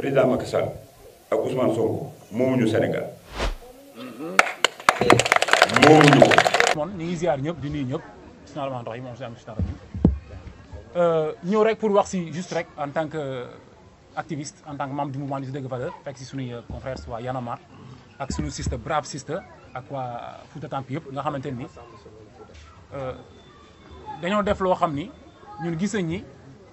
président Macky Sall ak Ousmane Sonko moomuñu Sénégal moomuñu ko. moom ñu ziar ñep di ni ñep finalement ndox yi moom si am si dara ñu rek pour wax ci juste rek en tant que activiste en tant que membre du mouvement des Dëgg Valeurs fekk ci suñuy euh, confrères waa Yanamar ak suñu sister brave sister ak waa Fouta Tampi yëpp nga xamanteni euh dañoo def lo xamni ñun gis ni.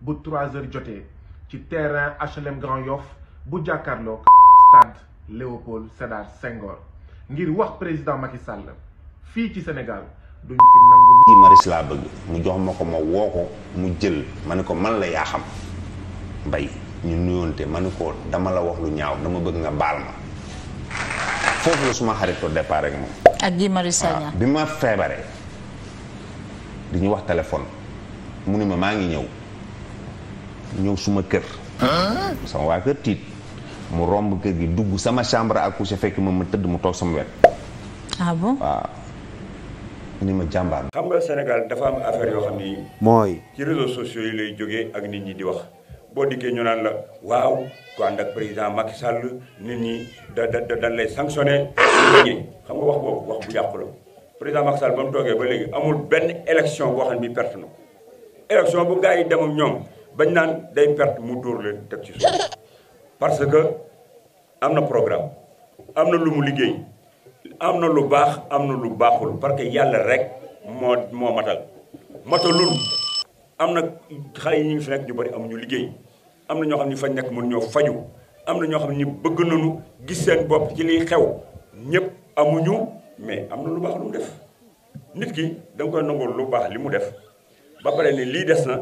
bu 3 heures jotee ci terrain HLM Grand Yoff bu jàkkaarloo stade Léopold Sédar Senghor ngir wax président Macky Sall fii ci Sénégal duñu fi bëgg mu jox ma ko ma woo ko mu jël ma ne ko man la yaa mbay ñu nuyoonte ma ne ko dama la wax lu ñaaw dama bëgg nga baal ma foofu la suma xarit ko départ ak moom. ak Guy Marius ah, bi ma feebaree di ñu wax téléphone mu ni ma maa ngi ñëw. ñëw suma kër sama waa kër tiit mu romb kër gi dugg sama ak à coucher fekk ma ma tëdd mu toog sama wet ah bon waaw ma jàmbaar xam nga Sénégal dafa am affaire yoo xam ni mooy ci réseaux sociaux yi lay jóge ak nit ñi di wax boo dikkee ñu naan la waaw ku ànd ak président Macky nit ñi da da dañ lay sanctionné léegi xam nga wax boobu wax bu yàqu la président Macky Sall ba mu toogee ba léegi amul benn élection boo xam ni perte na élection bu gars yi dem bañ naan day perte mu dóor leen teg ci suuf parce que am na programme am na lu mu liggéey am na lu baax am na lu baaxul parce que yàlla rek moo moo matal matalul am na xale yi ñu nekk ñu bari amuñu liggéey am na ñoo xam ne fañ nekk mun ñoo faju am na ñoo xam ne bëgg nañu gis seen bopp ci liy xew ñëpp amuñu mais am na lu baax lu mu def nit ki da nga koy nangoo lu baax li mu def ba pare ne lii des na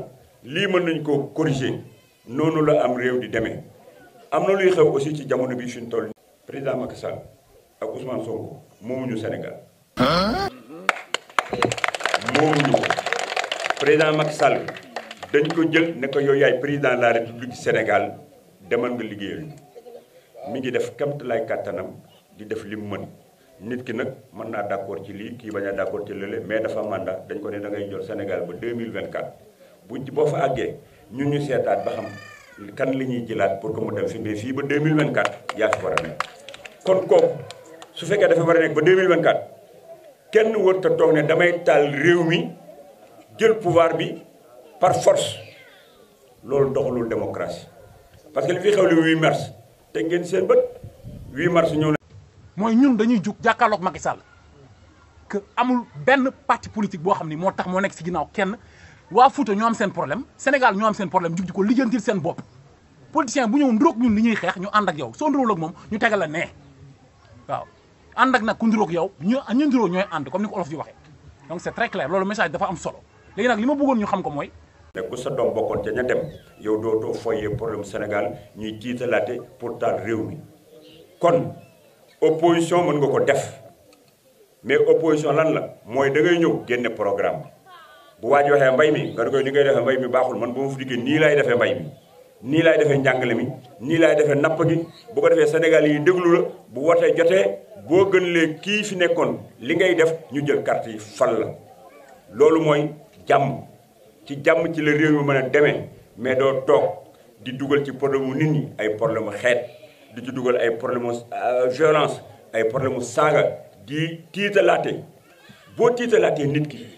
lii mën nañ ko corriger noonu la am réew di demee am na luy xew aussi ci jamono bi suñ toll président Macky Sall ak Ousmane Sonko moomuñu Sénégal moomuñu ko président Macky Sall dañ ko jël ne ko yow yaay président de la république Sénégal demal nga liggéeyal mi ngi def kamt lay kàttanam di def li mu mën nit ki nag mën naa d'accord ci lii kii bañ a d'accord ci lële mais dafa mandat dañ ko ne da ngay Sénégal ba buñ ci boo fa àggee ñu ñu sétat ba xam kan li ñuy jilat pour que mu dem fi mais fii ba 2024 ya ci wara a kon ko su fekkee dafa wara a ba 2024 kenn wër ta toog ne damay tal réew mi jël pouvoir bi par force lool doxalul démocratie parce que li fi xew li 8 mars te ngeen seen bëtt 8 mars ñu na. ñun dañuy juk jakkalok Macky Sall que amul ben parti politique bo xamni mo tax mo nek ci ginaaw kenn. waa Fouta ñoo seen problème Sénégal ñoo am seen problème jug di ko lijjantil seen bopp politicien bu ñëw ndróog ñun ñuy xeex ñu ànd ak yow soo ndróol moom ñu tegal la nee waaw ànd ak nag ku yow ñu ñu ndróog ñooy ànd comme ni ko olof di waxee donc c'est très clair loolu message dafa am solo léegi nag li ma bëggoon ñu xam ko mooy ne ku sa doom bokkoon ca ña dem yow dootoo foyee problème Sénégal ñuy tiitalaate pour taal réew mi kon opposition mën nga ko def mais opposition lan la mooy da ngay ñëw génne programme bu waaj waxee mbay mi nga ne koy ni ngay defee man bu ma fu dikkee nii laay defee mbay mi nii laay defee njàngale mi nii laay defee napp gi bu ko defee Sénégal yi déglu la bu wootee jotee boo gën lee kii fi nekkoon li ngay def ñu jël carte yi fal la loolu mooy jàmm ci jàmm ci la réew mi man a demee mais doo toog di dugal ci problème mu nit ay problème xeet di ci dugal ay problème mu euh, violence ay problème mu saaga di tiitalaate boo tiitalaatee nit ki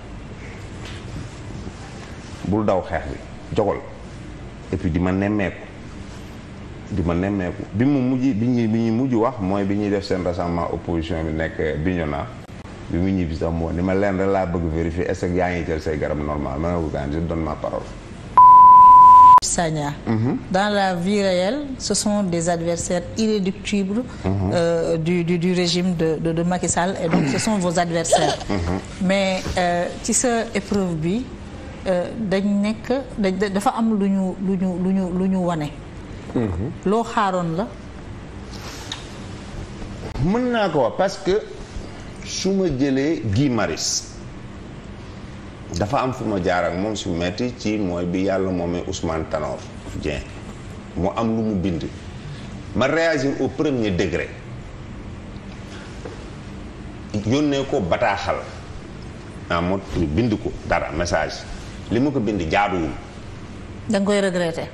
bul daw xeex bi jogol et puis di ma nemmeeku di ma nemmeeku bi mu mujj bi ñu bi ñu mujj wax mooy bi ñuy def seen rassemblement opposition bi nekk Bignona bi mu ñibbi sax moo ni ma leen rek laa bëgg vérifier est-ce que yaa ngi jël say garab normal ma ne ko gaan je donne ma parole Sagna mhm. dans la vie réelle ce sont des adversaires irréductibles mhm. euh, du, du, du régime de, de, de Macky Sall et donc ce sont vos adversaires mhm. mais euh, ci sa épreuve bi Euh, dañ nekk da dafa am lu ñu lu ñu lu ñu lu ñu wane. Mhm. loo xaaroon la. mën naa ko wax parce que su ma jëlee Guy maris dafa am fu ma jaar ak moom su metti ci mooy bi yàlla moomee Ousmane Tanor Dieng mu am lu mu bind ma réagir au premier degré yónnee ko bataaxal en mode bind ko dara message li ma ko bind jaaduwul. da nga koy regretter.